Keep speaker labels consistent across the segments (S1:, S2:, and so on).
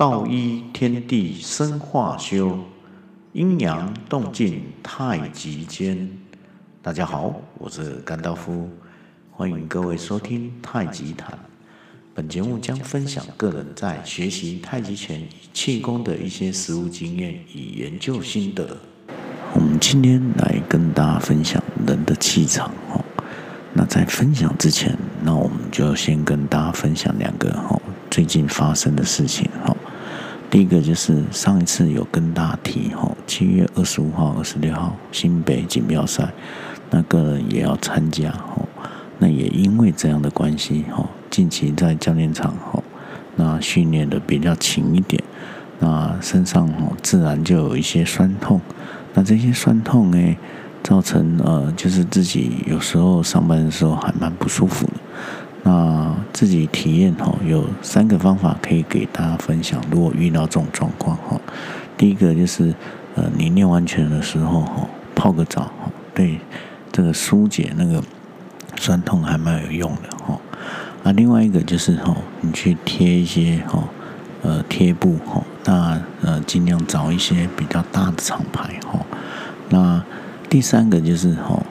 S1: 道一天地生化修，陰陽動靜太極間。大家好，我是甘道夫，歡迎各位收聽太極談。本節目將分享個人在學習太極拳氣功的一些實務經驗與研究心得。我們今天來跟大家分享人的氣場。那在分享之前，那我們就先跟大家分享兩個最近發生的事情。第一個就是上一次有跟大家提吼，七月二十五號、二十六號新北錦標賽，那個人也要參加吼，那也因為這樣的關係吼，近期在教練場吼，那訓練的比較勤一點，那身上吼自然就有一些酸痛，那這些酸痛哎、欸，造成呃就是自己有時候上班的時候還蠻不舒服的。那自己體驗吼，有三個方法可以給大家分享。如果遇到這種狀況吼，第一個就是呃，你練完拳的時候吼，泡個澡吼，對這個疏解那個酸痛還蠻有用的吼。啊，另外一個就是吼，你去貼一些吼呃貼布吼，那呃盡量找一些比較大的廠牌吼。那第三個就是吼。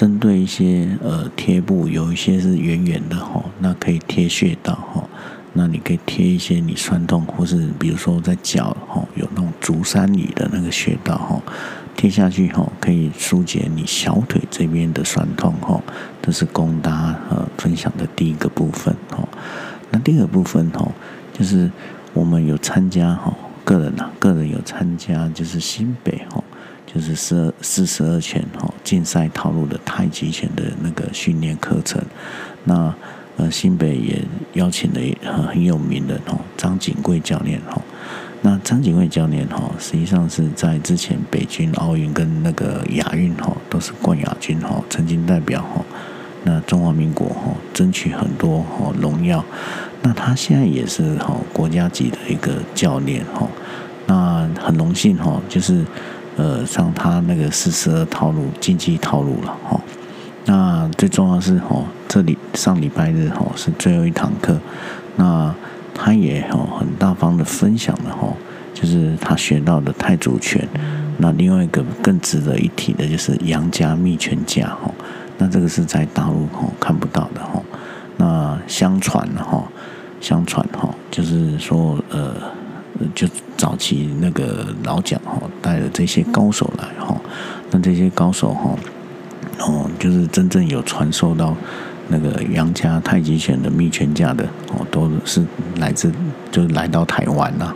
S1: 針對一些呃貼布，有一些是圓圓的哈、哦，那可以貼穴道哈、哦。那你可以貼一些你酸痛，或是比如說在腳哈、哦、有那種足三里的那個穴道、哦、貼下去哈、哦、可以疏解你小腿這邊的酸痛哈、哦。這是供大家、呃、分享的第一個部分哈、哦。那第二個部分哈、哦，就是我們有參加哈、哦，個人啊個人有參加，就是新北哈。哦就是四四十二拳吼，競賽套路的太極拳的那個訓練課程。那呃，新北也邀請了很很有名的吼，張景貴教練吼。那張景貴教練吼，實際上是在之前北京奧運跟那個亞運吼，都是冠亞軍吼，曾經代表吼，那中華民國吼，爭取很多吼榮耀。那他現在也是吼國家級的一個教練吼。那很榮幸吼，就是。呃，像他那個四十二套路，競技套路了哈、哦。那最重要的是吼、哦，這裡上禮拜日吼、哦、是最後一堂課，那他也有、哦、很大方的分享了吼、哦，就是他學到的太祖拳。那另外一個更值得一提的就是楊家秘拳架吼、哦，那這個是在大陸吼、哦、看不到的吼、哦。那相傳吼、哦，相傳吼、哦，就是說呃。就早期那個老蔣哈，帶了這些高手來哈，那這些高手哈，哦，就是真正有傳授到那個楊家太極拳的密拳架的哦，都是來自就是來到台灣了。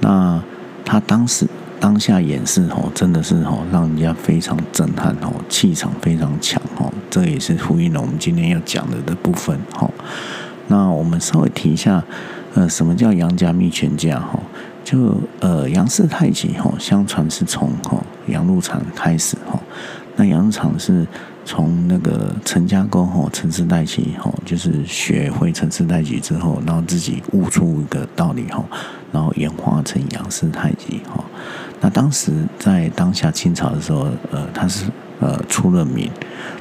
S1: 那他當時當下演示哈，真的是哈，讓人家非常震撼哈，氣場非常強哦。這也是呼應了我們今天要講的的部分。那我們稍微提一下。呃，什麼叫楊家秘傳架？哈，就呃，楊氏太極、哦，哈，相傳是從哈、哦、楊露禪開始，哈、哦，那楊露禪是從那個陳家溝，哈、哦，陳氏太極，哈、哦，就是學會陳氏太極之後，然後自己悟出一個道理，哈、哦，然後演化成楊氏太極，哈、哦，那當時在當下清朝的時候，呃，他是呃出了名。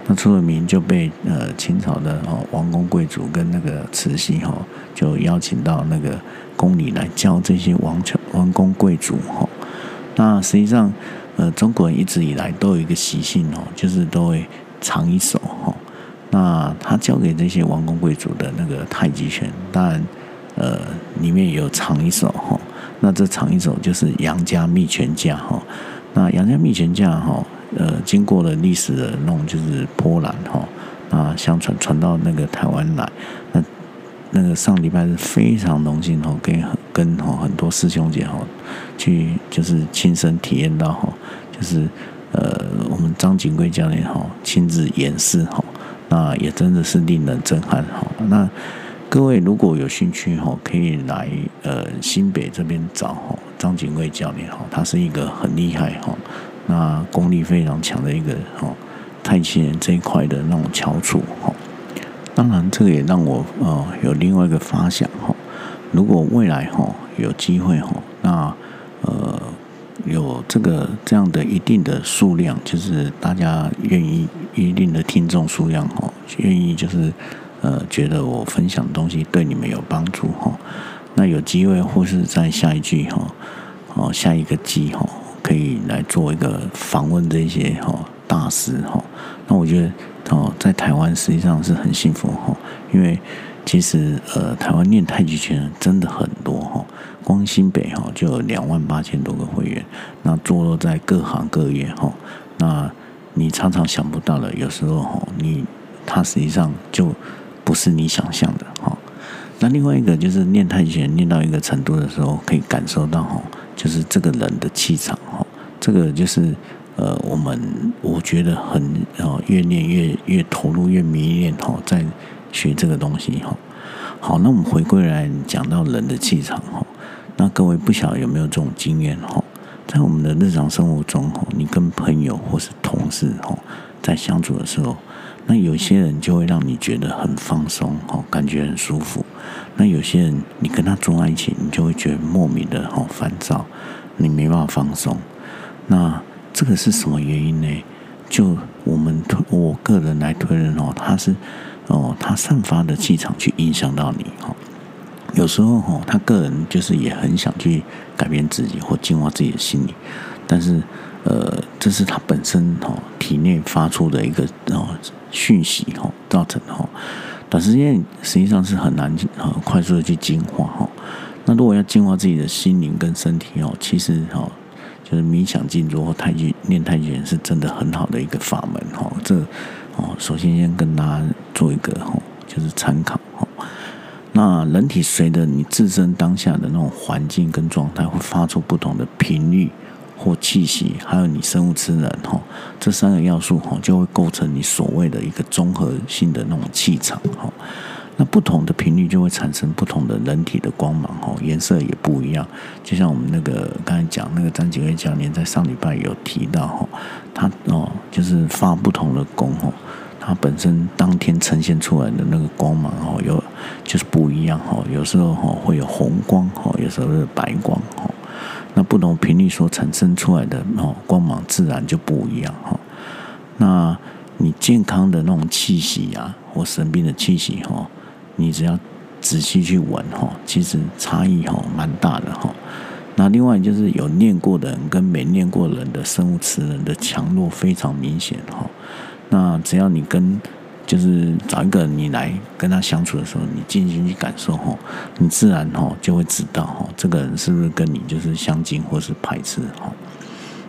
S1: 那出了名就被呃清朝的哦王公貴族跟那個慈禧哈、哦、就邀請到那個宮裡來教這些王王公貴族哈、哦。那實際上呃中國人一直以來都有一個習性哦，就是都會藏一手哈、哦。那他教給這些王公貴族的那個太極拳，當然呃裡面有藏一手哈、哦。那這藏一手就是楊家秘拳架哈、哦。那楊家秘拳架哈、哦。呃，經過了歷史的那種就是波瀾哈、哦，啊，相傳傳到那個台灣來，那那個上禮拜是非常榮幸哈、哦，跟跟、哦、很多師兄姐哈、哦，去就是親身體驗到哈、哦，就是呃，我們張景貴教練哈親自演示哈，那也真的是令人震撼哈、哦。那各位如果有興趣哈、哦，可以來呃新北這邊找哈張景貴教練哈、哦，他是一個很厲害哈、哦。那功力非常強的一個哦，太極人這一塊的那種翹楚哦，當然這個也讓我呃有另外一個發想哈、哦。如果未來哈、哦、有機會哈、哦，那呃有這個這樣的一定的數量，就是大家願意一定的聽眾數量哦，願意就是呃覺得我分享的東西對你們有幫助哈、哦，那有機會或是在下一季哈、哦，哦下一個季哈、哦。可以來做一個訪問這些大師，那我覺得哦，在台灣實際上是很幸福，因為其實呃，台灣練太極拳真的很多哈，光新北就有兩萬八千多個會員，那坐落在各行各業，那你常常想不到的，有時候哈，你他實際上就不是你想象的。那另外一個就是練太極拳練到一個程度的時候，可以感受到就是這個人的氣場哈，這個就是呃，我們我覺得很哦，越念越越投入越迷戀哈，在學這個東西哈。好，那我們回歸來講到人的氣場哈。那各位不曉得有沒有這種經驗哈，在我們的日常生活中哈，你跟朋友或是同事哈，在相處的時候。那有些人就會讓你覺得很放鬆，哦，感覺很舒服。那有些人，你跟他坐在一起，你就會覺得莫名的哈、哦、煩躁，你沒辦法放鬆。那這個是什麼原因呢？就我們推我個人來推論哦，他是哦，他散發的氣場去影響到你，哈、哦。有時候哈、哦，他個人就是也很想去改變自己或淨化自己的心理，但是呃，這是他本身哈。哦體內發出的一個訊息哈，造成的短時間內，實際上是很難哈快速的去淨化哈。那如果要淨化自己的心靈跟身體哦，其實哈就是冥想進入或太極練太極拳是真的很好的一個法門哈。這哦，首先先跟大家做一個哈，就是參考哈。那人體隨着你自身當下的那種環境跟狀態，會發出不同的頻率。或氣息，還有你生物磁能，哦，這三個要素，哦，就會構成你所謂的一個綜合性的那種氣場，哦。那不同的頻率就會產生不同的人體的光芒，哦，顏色也不一樣。就像我們那個剛才講那個張景輝教練在上禮拜有提到吼，哦，他哦就是發不同的光吼，哦，他本身當天呈現出來的那個光芒，哦，有就是不一樣，哦，有時候會有紅光，哦，有時候是白光。那不同頻率所產生出來的哦光芒自然就不一樣哈。那你健康的那種氣息啊，或生病的氣息哈，你只要仔細去聞哈，其實差異哈蠻大的哈。那另外就是有練過的人跟沒練過的人的生物磁能的強弱非常明顯哈。那只要你跟。就是找一個人，你來跟他相處的時候，你靜心去感受哈，你自然哈就會知道哈，這個人是不是跟你就是相近或是排斥哈。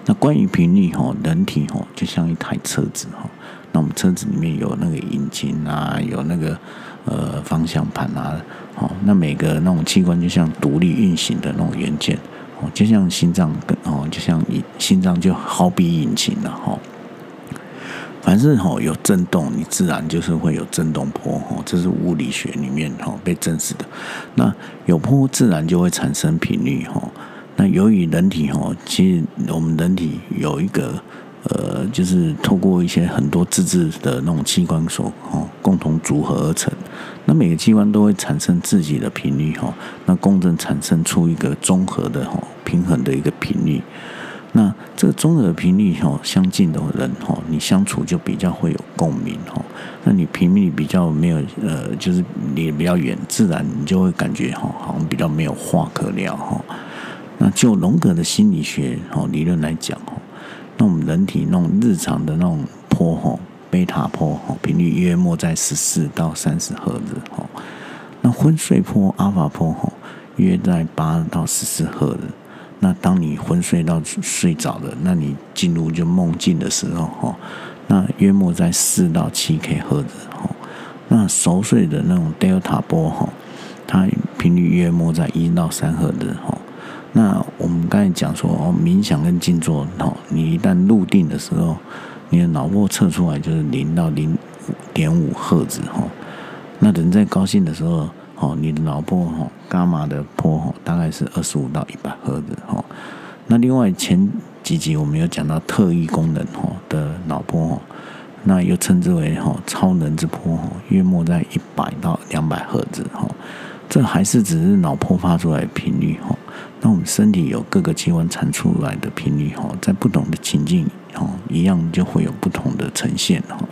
S1: 那關於頻率哈，人體哈就像一台車子哈，那我們車子裡面有那個引擎啊，有那個呃方向盤啊，好，那每個那種器官就像獨立運行的那種元件，哦，就像心臟跟哦，就像你心臟就好比引擎了哈。反正吼有震動，你自然就是會有震動波吼，這是物理學裡面吼被證實的。那有波自然就會產生頻率吼。那由於人體吼，其實我們人體有一個呃，就是透過一些很多自制的那種器官，所吼共同組合而成。那每個器官都會產生自己的頻率吼，那共振產生出一個綜合的吼平衡的一個頻率。那這個中耳頻率吼相近的人吼，你相處就比較會有共鳴吼。那你頻率比較沒有呃，就是離得比較遠，自然你就會感覺吼好像比較沒有話可聊哈。那就榮格的心理學吼理論來講吼，那我們人體那種日常的那種波吼，貝塔波吼頻率約莫在十四到三十赫茲吼。那昏睡波、阿法波吼約在八到十四赫茲。那當你昏睡到睡着了，那你進入就夢境的時候哈，那約莫在四到七 k 赫茲哈，那熟睡的那種 Delta 波哈，它頻率約莫在一到三赫茲哈。那我們剛才講說，哦，冥想跟靜坐哈，你一旦入定的時候，你的腦波測出來就是零到零點五赫茲哈。那人在高興的時候。哦，你的腦波哈、哦，伽馬的波哈、哦，大概是二十五到一百赫茲哈。那另外前幾集我們有講到特異功能哈、哦、的腦波哈、哦，那又稱之為哈、哦、超能之波哈、哦，約莫在一百到兩百赫茲哈。這還是只是腦波發出來的頻率哈、哦。那我們身體有各個器官產出來的頻率哈、哦，在不同的情境哈、哦，一樣就會有不同的呈現哈、哦。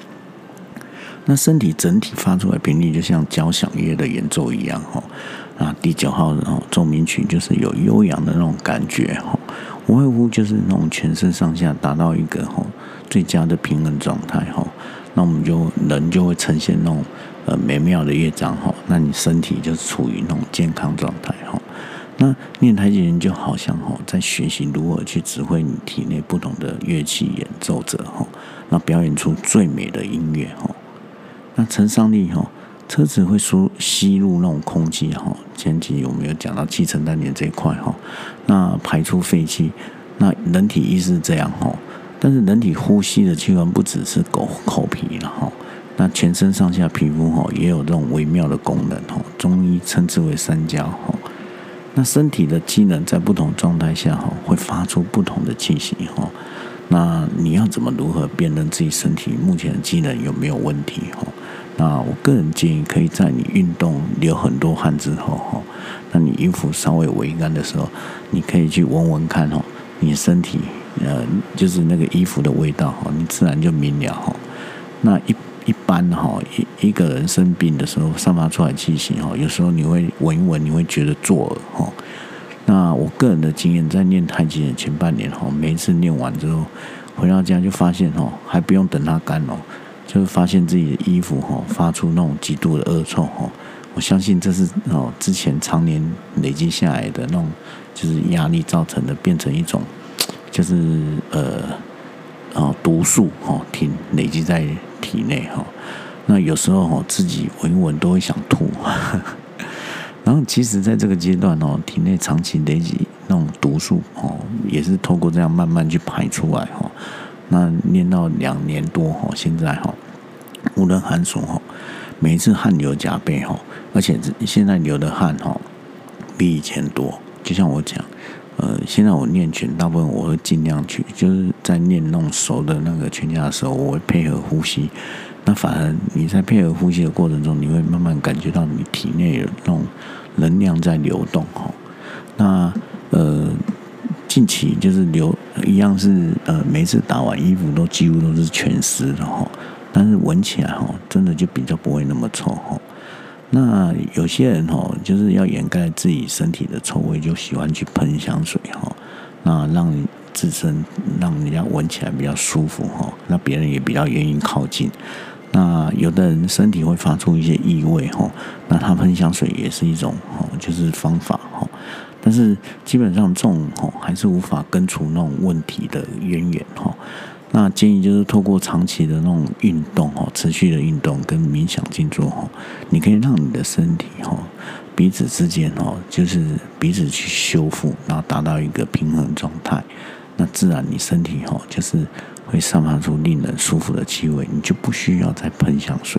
S1: 那身體整體發出來的頻率，就像交響樂的演奏一樣哈。啊，第九號的哦奏鳴曲就是有悠揚的那種感覺哈、哦。無外乎就是那種全身上下達到一個哈、哦、最佳的平衡狀態哈、哦。那我們就人就會呈現那種呃美妙的樂章哈、哦。那你身體就是處於那種健康狀態哈、哦。那練太極拳就好像哈、哦、在學習如何去指揮你體內不同的樂器演奏者哈、哦。那表演出最美的音樂哈、哦。那承上力哈，車子會吸吸入那種空氣哈，前幾有沒有講到氣沉丹田這一塊哈？那排出廢氣，那人體亦是這樣哈。但是人體呼吸的器官不只是口口鼻了哈，那全身上下皮膚哈也有這種微妙的功能哈。中醫稱之為三焦哈。那身體的機能在不同狀態下哈會發出不同的氣息哈。那你要怎麼如何辨認自己身體目前的機能有沒有問題哈？那我個人建議，可以在你運動流很多汗之後哈，那你衣服稍微微乾的時候，你可以去聞聞看哦，你身體呃就是那個衣服的味道哈，你自然就明了哈。那一一般哈，一一個人生病的時候散發出來氣息哈，有時候你會聞一聞，你會覺得作嘔哈。那我個人的經驗，在練太極的前半年哈，每一次練完之後回到家就發現哦，還不用等它乾哦。就是發現自己的衣服哈發出那種極度的惡臭哈，我相信這是哦之前常年累積下來的那種就是壓力造成的，變成一種就是呃毒素哈挺累積在體內哈。那有時候哦自己聞一聞都會想吐。然後其實，在這個階段哦，體內長期累積那種毒素哦，也是透過這樣慢慢去排出來哦。那練到兩年多哈，現在哈，無論寒暑哈，每一次汗流浹背哈，而且現在流的汗哈比以前多。就像我講，呃，現在我練拳，大部分我會盡量去，就是在練弄熟的那個拳架的時候，我會配合呼吸。那反而你在配合呼吸的過程中，你會慢慢感覺到你體內有那種能量在流動哈。那呃。近期就是留一樣是呃，每次打完衣服都幾乎都是全濕的哈，但是聞起來哈，真的就比較不會那麼臭哈。那有些人哈，就是要掩蓋自己身體的臭味，就喜歡去噴香水哈。那讓自身讓人家聞起來比較舒服哈，那別人也比較願意靠近。那有的人身體會發出一些異味哈，那他噴香水也是一種哈，就是方法。但是基本上這種吼，還是無法根除那種問題的淵源吼。那建議就是透過長期的那種運動吼，持續的運動跟冥想靜坐吼，你可以讓你的身體吼，彼此之間吼，就是彼此去修復，然後達到一個平衡狀態。那自然你身體吼，就是會散發出令人舒服的氣味，你就不需要再噴香水。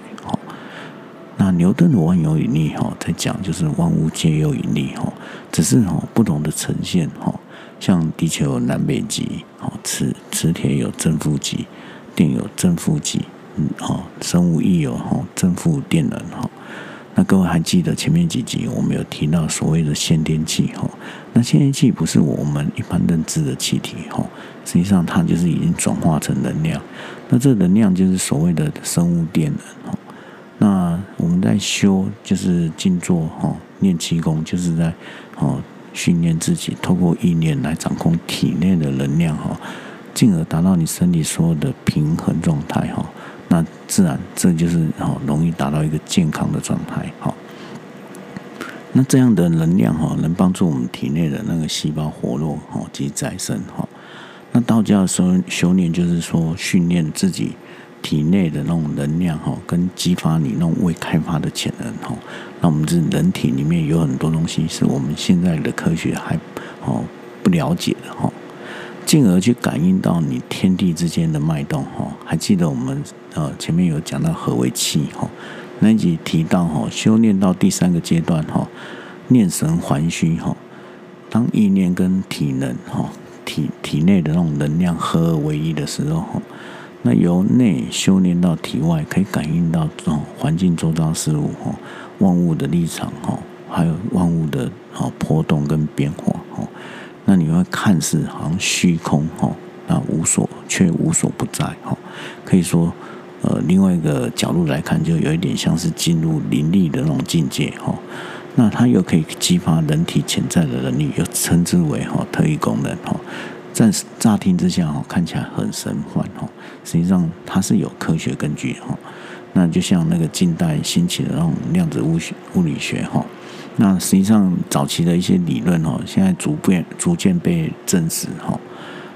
S1: 那牛頓的萬有引力哈，在講就是萬物皆有引力哈，只是哈不同的呈現哈，像地球有南北極，好，磁磁鐵有正負極，電有正負極，嗯好，生物亦有哈正負電能哈。那各位還記得前面幾集我們有提到所謂的先天氣哈？那先天氣不是我們一般認知的氣體哈，實際上它就是已經轉化成能量，那這能量就是所謂的生物電能。那我們在修就是靜坐哈，練氣功就是在哦訓練自己，透過意念來掌控體內的能量哈，進、哦、而達到你身體所有的平衡狀態哈。那自然這就是哦容易達到一個健康的狀態哈。那這樣的能量哈、哦，能幫助我們體內的那個細胞活絡哈、哦、及再生哈、哦。那道家的修修煉就是說訓練自己。體內的那種能量哈，跟激發你那種未開發的潛能哈，那我們是人體裡面有很多東西是我們現在的科學還哦不了解的哈，進而去感應到你天地之間的脈動哈。還記得我們呃前面有講到何為氣哈，那一集提到哈，修煉到第三個階段哈，煉神還虛哈，當意念跟體能哈，體體內的那種能量合而為一的時候，那由內修煉到體外，可以感應到這種環境周遭事物吼，萬物的立場吼，還有萬物的波動跟變化吼。那你會看似好像虛空吼，那無所卻無所不在。可以說，呃，另外一個角度來看，就有一點像是進入靈力的那種境界。那它又可以激發人體潛在的能力，又稱之為特異功能。在乍聽之下，看起來很神幻，實際上它是有科學根據哈。那就像那個近代興起的那種量子物學物理學哈，那實際上早期的一些理論哈，現在逐漸逐漸被證實哈。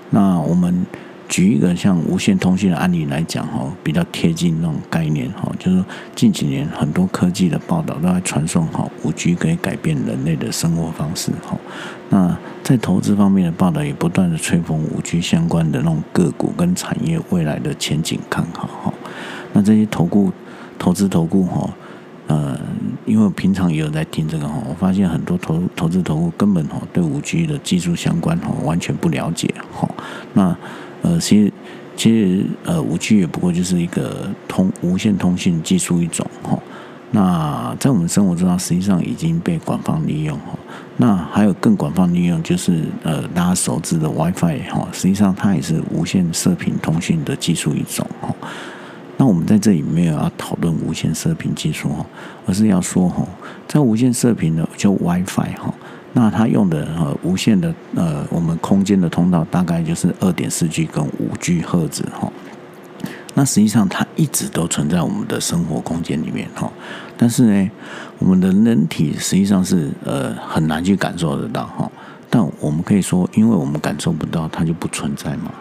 S1: 那我們。舉一個像無線通訊的案例來講哈，比較貼近那種概念哈，就是近幾年很多科技的報道都在傳送哈，五 G 可以改變人類的生活方式哈。那在投資方面的報道也不斷的吹風五 G 相關的那種個股跟產業未來的前景看好哈。那這些投顧、投資投顧哈，嗯，因為我平常也有在聽這個哈，我發現很多投投資投顧根本哈對五 G 的技術相關哈完全不了解哈。那呃，其實其實呃，五 G 也不過就是一個通無線通訊技術一種哈。那在我們生活中，實際上已經被廣泛利用哈。那還有更廣泛利用就是呃，大家熟知的 WiFi 哈，實際上它也是無線射頻通訊的技術一種哈。那我們在這裡沒有要討論無線射頻技術哈，而是要說哈，在無線射頻的叫 WiFi 哈。那它用的、呃、無線的呃，我們空間的通道大概就是二點四 G 跟五 G 赫茲哈。那實際上它一直都存在我們的生活空間裡面哈。但是呢，我們的人體實際上是呃很難去感受得到哈。但我們可以說，因為我們感受不到，它就不存在嘛。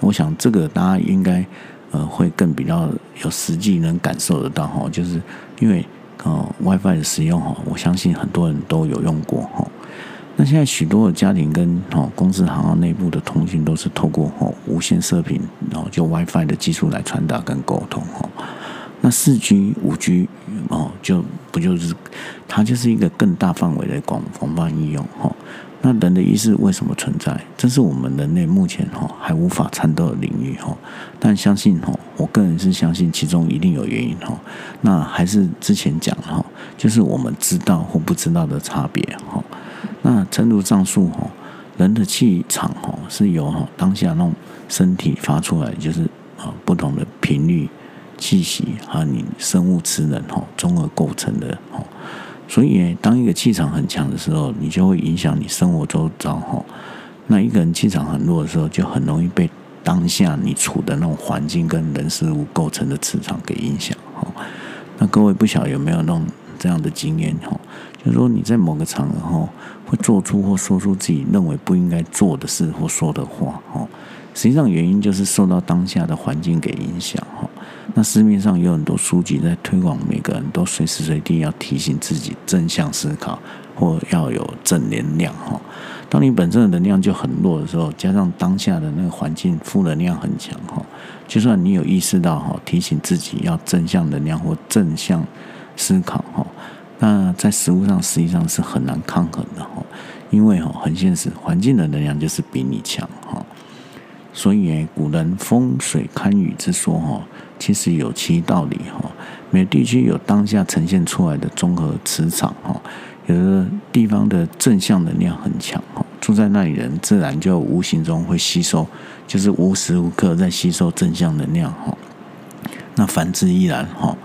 S1: 我想這個大家應該呃會更比較有實際能感受得到哈，就是因為。哦，WiFi 的使用我相信很多人都有用過、哦、那現在許多的家庭跟哦公司、行業內部的通訊都是透過哦無線射頻，然、哦、後就 WiFi 的技術來傳達跟溝通哈、哦。那四 G、五 G 哦，就不就是它就是一個更大範圍的廣廣泛應用、哦那人的意識為什麼存在？這是我們人類目前哈還無法參透的領域哈。但相信哈，我個人是相信其中一定有原因哈。那還是之前講哈，就是我們知道或不知道的差別哈。那誠如上述哈，人的氣場哈是由哈當下那種身體發出來，就是啊不同的頻率氣息和你生物磁能哈綜合構成的哈。所以，當一個氣場很強的時候，你就會影響你生活周遭哈。那一個人氣場很弱的時候，就很容易被當下你處的那種環境跟人事物構成的磁場給影響哈。那各位不曉得有沒有那種這樣的經驗哈？就是說你在某個場合，會做出或說出自己認為不應該做的事或說的話哈。實際上原因就是受到當下的環境給影響哈。那市面上有很多書籍在推廣，每個人都隨時隨地要提醒自己正向思考，或要有正能量哈。當你本身的能量就很弱的時候，加上當下的那個環境負能量很強哈，就算你有意識到哈，提醒自己要正向能量或正向思考哈，那在實物上實際上是很難抗衡的哈，因為哈很現實，環境的能量就是比你強哈。所以古人風水堪輿之說哈，其實有其道理哈。每個地區有當下呈現出來的綜合磁場哈，有的地方的正向能量很強哈，住在那裡人自然就無形中會吸收，就是無時無刻在吸收正向能量哈。那反之亦然哈。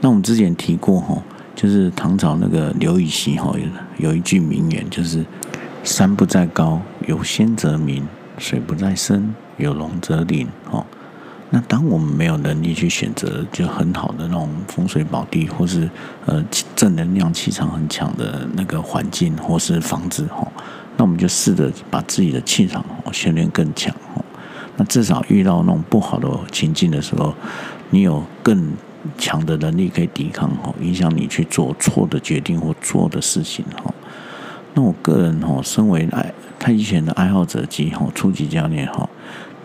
S1: 那我們之前提過哈，就是唐朝那個劉禹錫哈，有一句名言，就是“山不在高，有仙則名；水不在深。”有龍則靈，哦，那當我們沒有能力去選擇就很好的那種風水寶地，或是呃正能量氣場很強的那個環境，或是房子，哈、哦，那我們就試着把自己的氣場哦訓練更強、哦，那至少遇到那種不好的情境的時候，你有更強的能力可以抵抗，哦、影響你去做錯的決定或做的事情，哈、哦，那我個人，哈、哦，身為愛太極拳的愛好者及、哦、初級教練，哈、哦。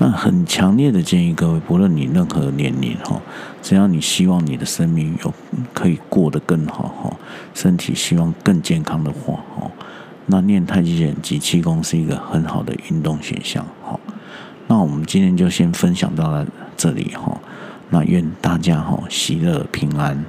S1: 那很強烈的建議各位，不論你任何年齡哈，只要你希望你的生命有可以過得更好哈，身體希望更健康的話哈，那練太極拳及氣功是一個很好的運動選項。哈，那我們今天就先分享到了這裡哈。那願大家哈喜樂平安。